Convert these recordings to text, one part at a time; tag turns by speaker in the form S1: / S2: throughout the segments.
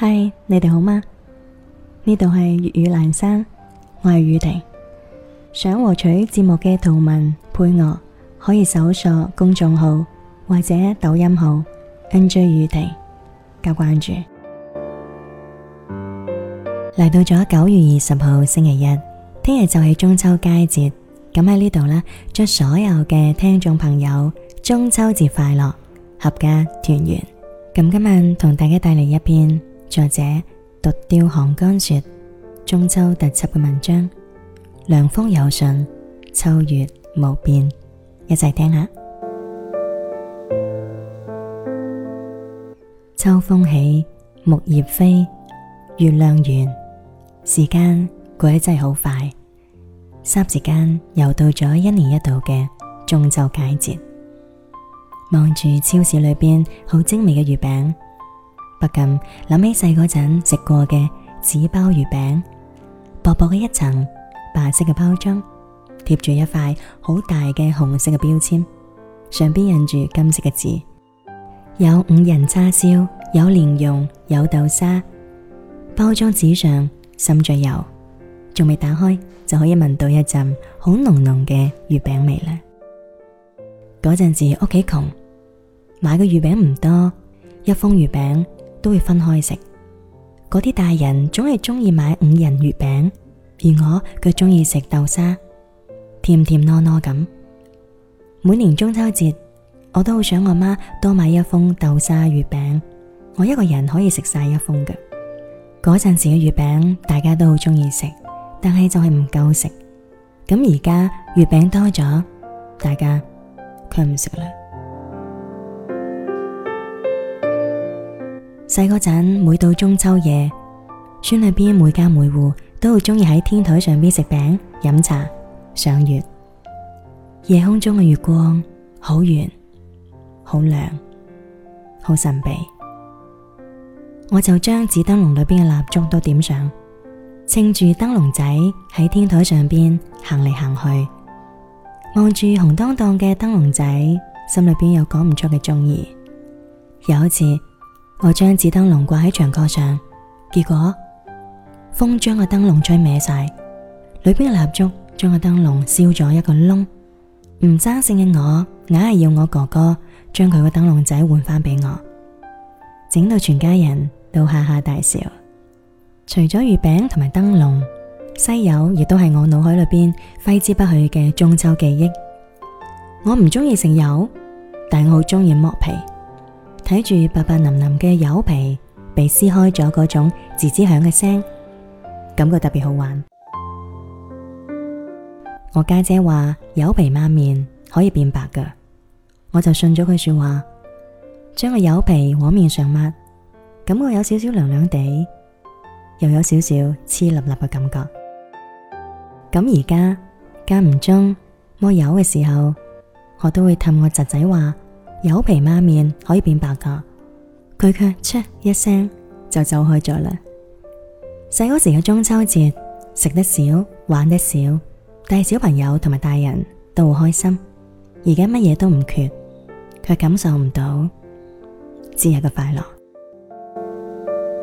S1: 嗨，Hi，你哋好嗎？呢度係粵語蘭生，我係宇婷。想獲取節目嘅圖文配樂，可以搜索公眾號或者抖音號 NJ 宇婷加關注。嚟到咗九月二十號星期一，聽日就係中秋佳節。咁喺呢度呢，祝所有嘅聽眾朋友中秋節快樂，合家團圓。咁今晚同大家帶嚟一篇。再者，獨釣寒江雪，中秋特輯嘅文章，涼風有信，秋月無邊，一齊聽一下。 秋風起，木葉飛，月亮圓，時間過得真係好快，霎時間又到咗一年一度嘅中秋佳節。望住超市裏邊好精美嘅月餅。不禁諗起細嗰陣食過嘅紙包月餅，薄薄嘅一層白色嘅包裝，貼住一塊好大嘅紅色嘅標籤，上邊印住金色嘅字有，有五仁叉燒，有蓮蓉，有豆沙包裝紙。包裝紙上滲着油，仲未打開就可以聞到一陣好濃濃嘅月餅味啦。嗰陣時屋企窮，買嘅月餅唔多，一封月餅，都會分開食，嗰啲大人總係中意買五仁月餅，而我卻中意食豆沙，甜甜糯糯咁。每年中秋節，我都好想我媽多買一封豆沙月餅，我一個人可以食晒一封嘅。嗰陣時嘅月餅大家都好中意食，但係就係唔夠食。咁而家月餅多咗，大家卻唔食啦。細嗰陣，每到中秋夜，村裏邊每家每戶都會鍾意喺天台上邊食餅、飲茶、賞月。夜空中嘅月光好圓、好亮、好神秘。我就將紙燈籠裏邊嘅蠟燭都點上，擎住燈籠仔喺天台上邊行嚟行去，望住紅當當嘅燈籠仔，心裏邊有講唔出嘅鍾意。有一次。我將紙燈籠掛喺牆角上，結果風將個燈籠吹歪晒，裏邊嘅蠟燭將個燈籠燒咗一個窿。唔爭勝嘅我，硬係要我哥哥將佢個燈籠仔換翻俾我，整到全家人都哈哈大笑。除咗月餅同埋燈籠，西柚亦都係我腦海裏邊揮之不去嘅中秋記憶。我唔中意食柚，但我好中意剝皮。睇住白白腍腍嘅柚皮被撕開咗，嗰種吱吱響嘅聲，感覺特別好玩。我家姐話柚皮抹面可以變白㗎，我就信咗佢說話，將個柚皮往面上抹，感覺有少少涼涼地，又有少少黐笠笠嘅感覺。咁而家間唔中摸柚嘅時候，我都會氹我侄仔話。柚皮抹面可以變白㗎，佢卻咦一聲就走開咗啦。細個時嘅中秋節食得少，玩得少，但係小朋友同埋大人都好開心。而家乜嘢都唔缺，卻感受唔到節日嘅快樂。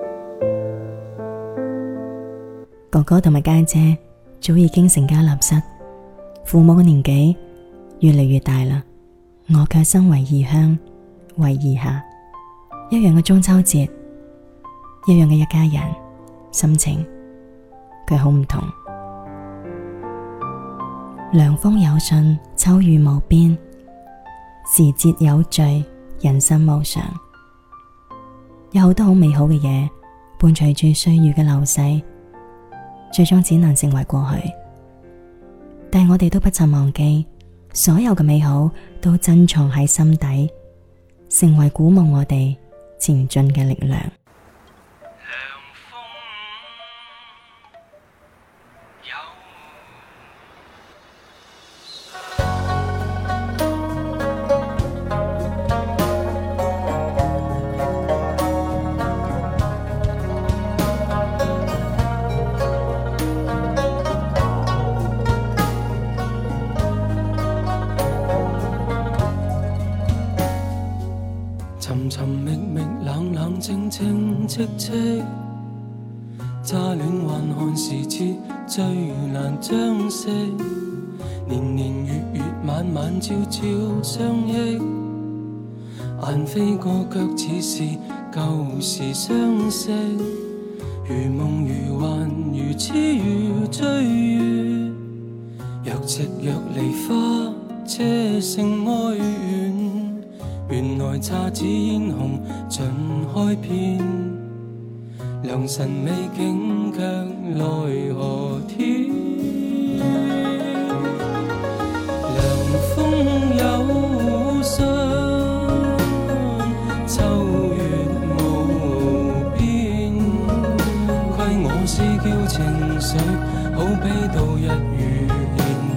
S1: 樂哥哥同埋家姐早已經成家立室，父母嘅年紀越嚟越大啦。我卻身為異鄉，為異客，一樣嘅中秋節，一樣嘅一家人，心情佢好唔同。涼風有信，秋月無邊，時節有序，人生無常。有好多好美好嘅嘢伴隨住歲月嘅流逝，最終只能成為過去。但我哋都不曾忘記。所有嘅美好都珍藏喺心底，成為鼓舞我哋前進嘅力量。
S2: 清清淒淒，正正戚戚，乍暖還寒時節最難將息，年年月月晚晚朝朝相憶，雁飛過卻似是舊時相識。如夢如幻如痴如醉如若即若離，花車成哀怨。原來姹紫嫣紅盡開遍，良辰美景卻奈何天。涼風有信，秋月無邊。虧我思嬌情緒，好比度日如年。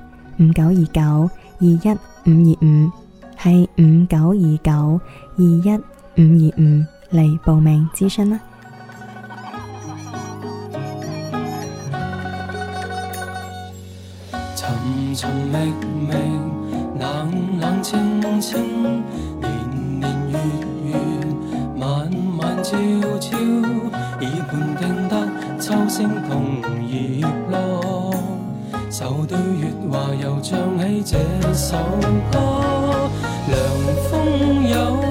S1: 五九二九二一五二五，係五九二九二一五二五嚟報名諮詢啦。
S2: 尋尋覓覓，冷冷清清。話又唱起這首歌，涼風有。